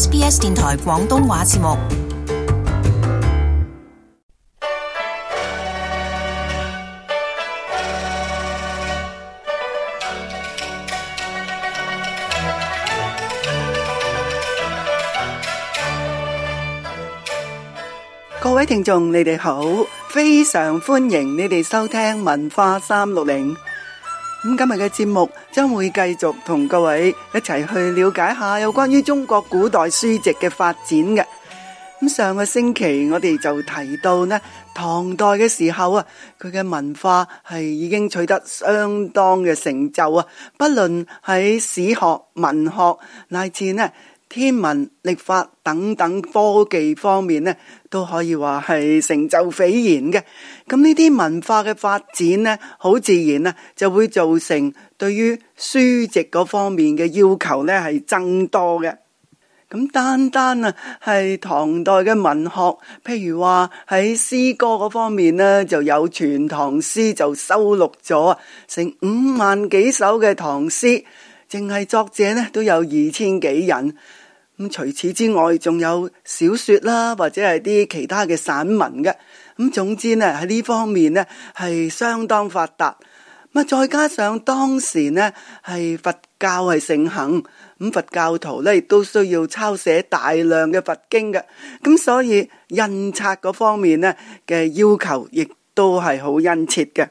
SBS 電台廣東話節目，各位聽眾，你哋好，非常歡迎你哋收聽文化三六零。咁今日嘅節目將會繼續同各位一齊去了解下有關於中國古代書籍嘅發展嘅。咁上個星期我哋就提到呢，唐代嘅時候啊，佢嘅文化係已經取得相當嘅成就啊，不論喺史學、文學，乃至呢。天文、曆法等等科技方面咧，都可以話係成就斐然嘅。咁呢啲文化嘅發展咧，好自然啊，就會造成對於書籍嗰方面嘅要求咧係增多嘅。咁單單啊，係唐代嘅文學，譬如話喺詩歌嗰方面咧，就有《全唐詩》就收錄咗成五萬幾首嘅唐詩，淨係作者咧都有二千幾人。咁除此之外，仲有小說啦，或者係啲其他嘅散文嘅。咁總之呢，喺呢方面呢係相當發達。咁再加上當時呢係佛教係盛行，咁佛教徒呢亦都需要抄寫大量嘅佛經嘅。咁、嗯、所以印刷嗰方面呢嘅要求亦都係好殷切嘅。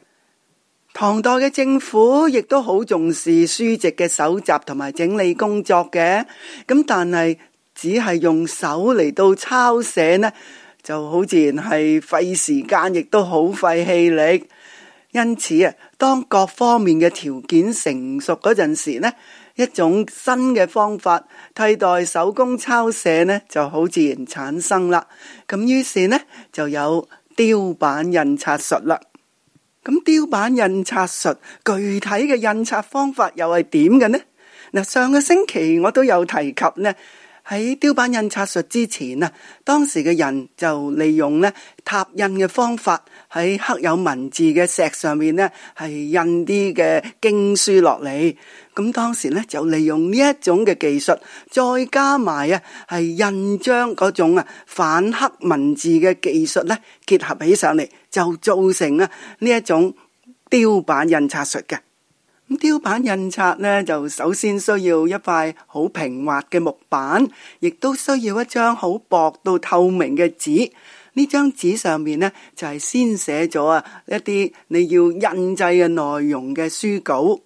唐代嘅政府亦都好重視書籍嘅搜集同埋整理工作嘅，咁但係只係用手嚟到抄寫呢，就好自然係費時間，亦都好費氣力。因此啊，當各方面嘅條件成熟嗰陣時呢，一種新嘅方法替代手工抄寫呢，就好自然產生啦。咁於是呢，就有雕版印刷術啦。咁雕版印刷術具體嘅印刷方法又係點嘅呢？嗱，上個星期我都有提及呢。喺雕版印刷術之前啊，當時嘅人就利用呢拓印嘅方法，喺刻有文字嘅石上面呢係印啲嘅經書落嚟。咁當時呢，就利用呢一種嘅技術，再加埋啊係印章嗰種啊反刻文字嘅技術呢，結合起上嚟，就造成啊呢一種雕版印刷術嘅。咁雕版印刷呢，就首先需要一塊好平滑嘅木板，亦都需要一張好薄到透明嘅紙。呢張紙上面呢，就係、是、先寫咗啊一啲你要印製嘅內容嘅書稿。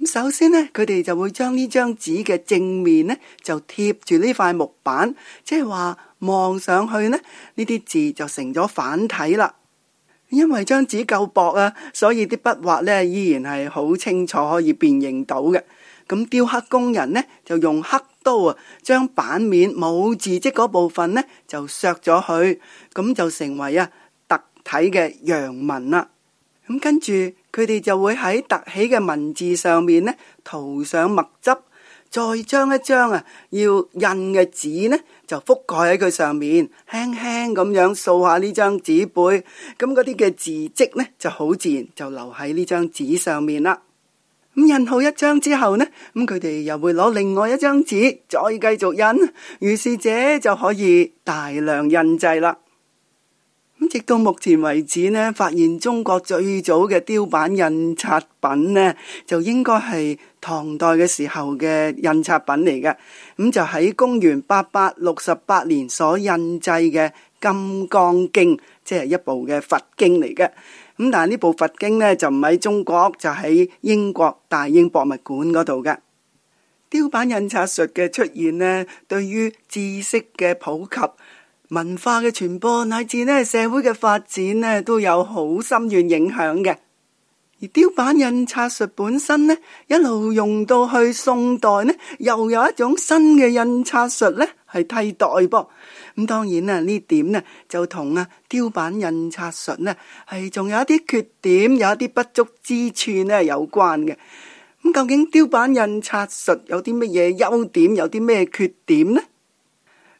咁首先呢，佢哋就會將呢張紙嘅正面呢，就貼住呢塊木板，即係話望上去呢，呢啲字就成咗反體啦。因為張紙夠薄啊，所以啲筆畫呢，依然係好清楚，可以辨認到嘅。咁雕刻工人呢，就用刻刀啊，將版面冇字跡嗰部分呢，就削咗佢，咁就成為啊凸體嘅陽文啦。咁跟住佢哋就會喺凸起嘅文字上面呢，塗上墨汁。再將一張啊，要印嘅紙呢，就覆蓋喺佢上面，輕輕咁樣掃下呢張紙背，咁嗰啲嘅字跡呢，就好自然就留喺呢張紙上面啦。印好一張之後呢，咁佢哋又會攞另外一張紙再繼續印，於是者就可以大量印製啦。咁直到目前為止呢，發現中國最早嘅雕版印刷品呢，就應該係唐代嘅時候嘅印刷品嚟嘅。咁、嗯、就喺公元八百六十八年所印製嘅《金剛經》，即係一部嘅佛經嚟嘅。咁、嗯、但係呢部佛經呢，就唔喺中國，就喺英國大英博物館嗰度嘅。雕版印刷術嘅出現呢，對於知識嘅普及，文化嘅傳播乃至咧社會嘅發展咧都有好深遠影響嘅。而雕版印刷術本身咧一路用到去宋代咧，又有一種新嘅印刷術咧係替代噃。咁當然啦，呢點咧就同啊雕版印刷術咧係仲有一啲缺點，有一啲不足之處咧有關嘅。咁究竟雕版印刷術有啲乜嘢優點，有啲咩缺點呢？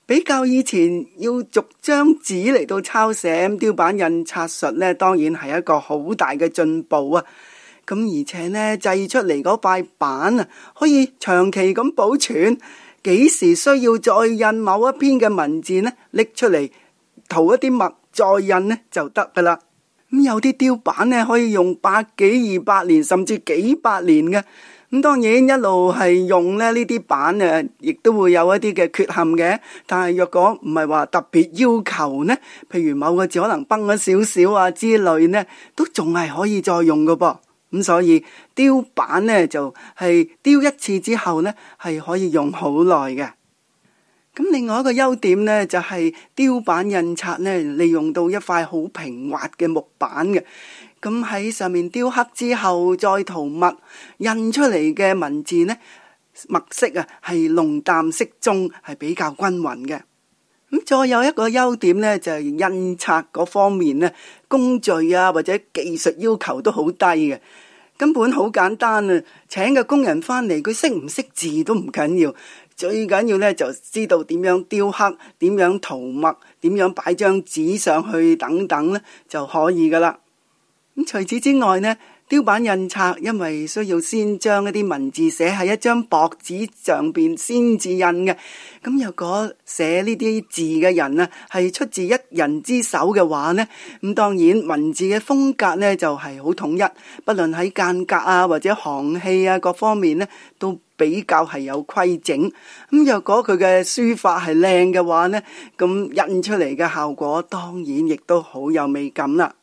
比較以前要逐張紙嚟到抄寫，雕版印刷術呢當然係一個好大嘅進步啊！咁而且呢，製出嚟嗰塊板啊，可以長期咁保存，幾時需要再印某一篇嘅文字呢，拎出嚟塗一啲墨再印呢，就得噶啦。有啲雕版呢，可以用百幾、二百年甚至幾百年嘅。咁當然一路係用咧呢啲板誒，亦都會有一啲嘅缺陷嘅。但係若果唔係話特別要求呢，譬如某個字可能崩咗少少啊之類呢，都仲係可以再用嘅噃。咁、嗯、所以雕版呢就係、是、雕一次之後呢係可以用好耐嘅。咁另外一個優點呢，就係雕版印刷呢，利用到一塊好平滑嘅木板嘅，咁喺上面雕刻之後再塗墨，印出嚟嘅文字呢，墨色啊係濃淡適中，係比較均勻嘅。咁再有一個優點呢，就係印刷嗰方面呢，工序啊或者技術要求都好低嘅，根本好簡單啊！請個工人翻嚟，佢識唔識字都唔緊要。最緊要咧，就知道點樣雕刻、點樣塗墨、點樣擺張紙上去等等咧，就可以噶啦。咁除此之外咧。雕版印刷因為需要先將一啲文字寫喺一張薄紙上邊先至印嘅，咁若果寫呢啲字嘅人呀係出自一人之手嘅話呢，咁當然文字嘅風格呢就係好統一，不論喺間隔啊或者行氣啊各方面呢都比較係有規整。咁若果佢嘅書法係靚嘅話呢，咁印出嚟嘅效果當然亦都好有美感啦。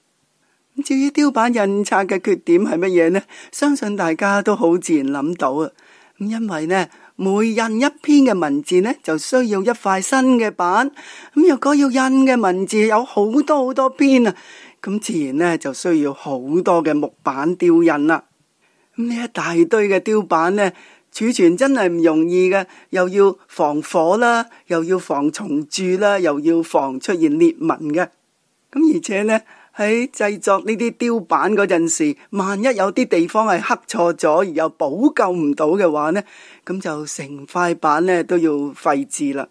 至於雕版印刷嘅缺點係乜嘢呢？相信大家都好自然諗到啊！因為呢，每印一篇嘅文字呢，就需要一塊新嘅版。咁若果要印嘅文字有好多好多篇啊，咁自然呢就需要好多嘅木板雕印啦。呢一大堆嘅雕版呢，儲存真係唔容易嘅，又要防火啦，又要防蟲蛀啦，又要防出現裂紋嘅。咁而且呢，喺製作呢啲雕版嗰陣時，萬一有啲地方係刻錯咗，而又補救唔到嘅話呢，咁就成塊板咧都要廢置啦。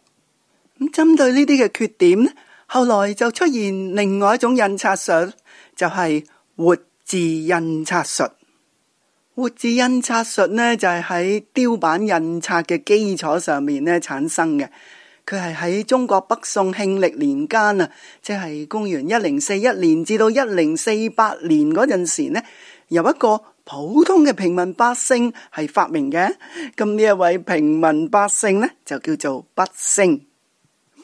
咁針對呢啲嘅缺點咧，後來就出現另外一種印刷術，就係活字印刷術。活字印刷術呢，就係喺雕版印刷嘅基礎上面咧產生嘅。佢係喺中國北宋慶曆年間啊，即係公元一零四一年至到一零四八年嗰陣時咧，由一個普通嘅平民百姓係發明嘅。咁呢一位平民百姓呢，就叫做畢昇。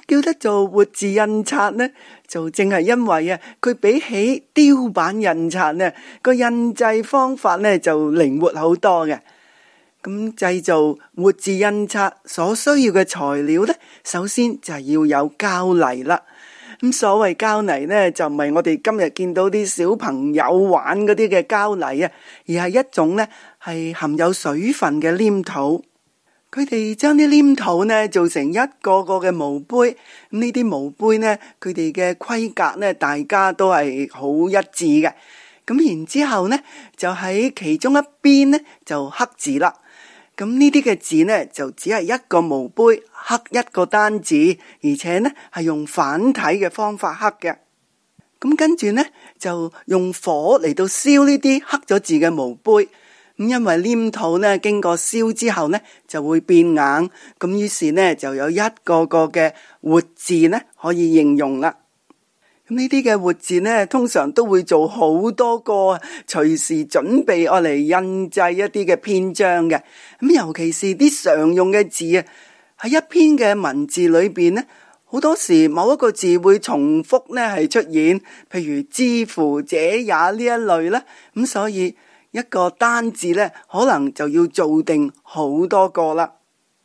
叫得做活字印刷呢，就正係因為啊，佢比起雕版印刷呢個印製方法呢，就靈活好多嘅。咁製造活字印刷所需要嘅材料呢，首先就係要有膠泥啦，咁所謂膠泥呢，就唔係我哋今日見到啲小朋友玩嗰啲嘅膠泥啊，而係一種呢係含有水分嘅黏土。佢哋將啲黏土呢做成一個個嘅模杯，呢啲模杯呢，佢哋嘅規格呢，大家都係好一致嘅。咁然之後呢，就喺其中一邊呢，就刻字啦。咁呢啲嘅字呢，就只係一個毛杯刻一個單字，而且呢係用反體嘅方法刻嘅。咁跟住呢，就用火嚟到燒呢啲刻咗字嘅毛杯，咁因為黏土呢，經過燒之後呢，就會變硬，咁於是呢，就有一個個嘅活字呢，可以應用啦。呢啲嘅活字呢，通常都會做好多個，隨時準備愛嚟印製一啲嘅篇章嘅。咁尤其是啲常用嘅字啊，喺一篇嘅文字裏邊呢，好多時某一個字會重複呢係出現，譬如之乎者也呢一類啦。咁、嗯、所以一個單字呢，可能就要做定好多個啦。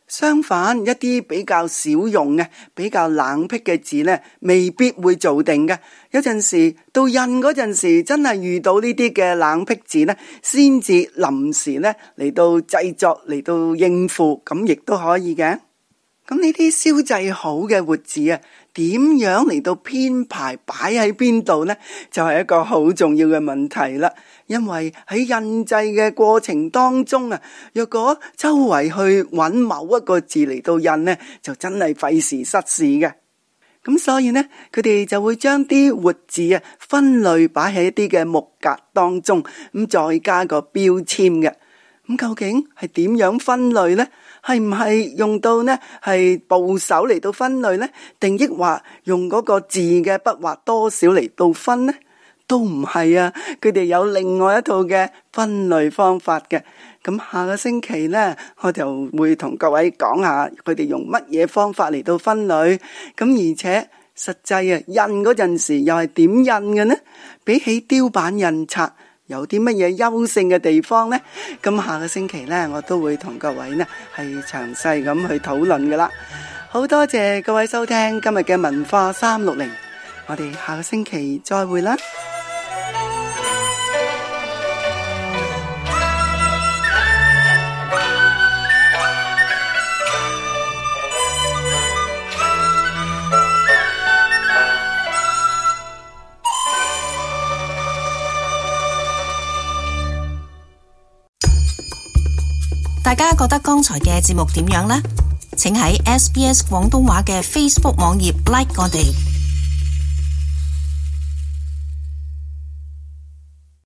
相反，一啲比較少用嘅，比較冷僻嘅字呢，未必會做定㗎。有陣時到印嗰陣時，真係遇到呢啲嘅冷僻字呢，先至臨時呢嚟到製作，嚟到應付，咁亦都可以嘅。咁呢啲燒製好嘅活字啊，點樣嚟到編排，擺喺邊度呢？就係一個好重要嘅問題啦。因為喺印製嘅過程當中啊，若果周圍去揾某一個字嚟到印呢，就真係費時失事嘅。咁所以呢，佢哋就會將啲活字啊分類擺喺一啲嘅木格當中，咁再加個標籤嘅。咁究竟係點樣分類呢？係唔係用到呢？係部首嚟到分類呢？定抑或用嗰個字嘅筆畫多少嚟到分呢？都唔係啊！佢哋有另外一套嘅分類方法嘅。咁下個星期呢，我就會同各位講下佢哋用乜嘢方法嚟到分類。咁而且實際啊，印嗰陣時又係點印嘅呢？比起雕版印刷。有啲乜嘢優勝嘅地方呢？咁下個星期呢，我都會同各位呢係詳細咁去討論噶啦。好多謝各位收聽今日嘅文化三六零，我哋下個星期再會啦。大家覺得剛才嘅節目點樣呢？請喺 SBS 廣東話嘅 Facebook 網頁 like 我哋。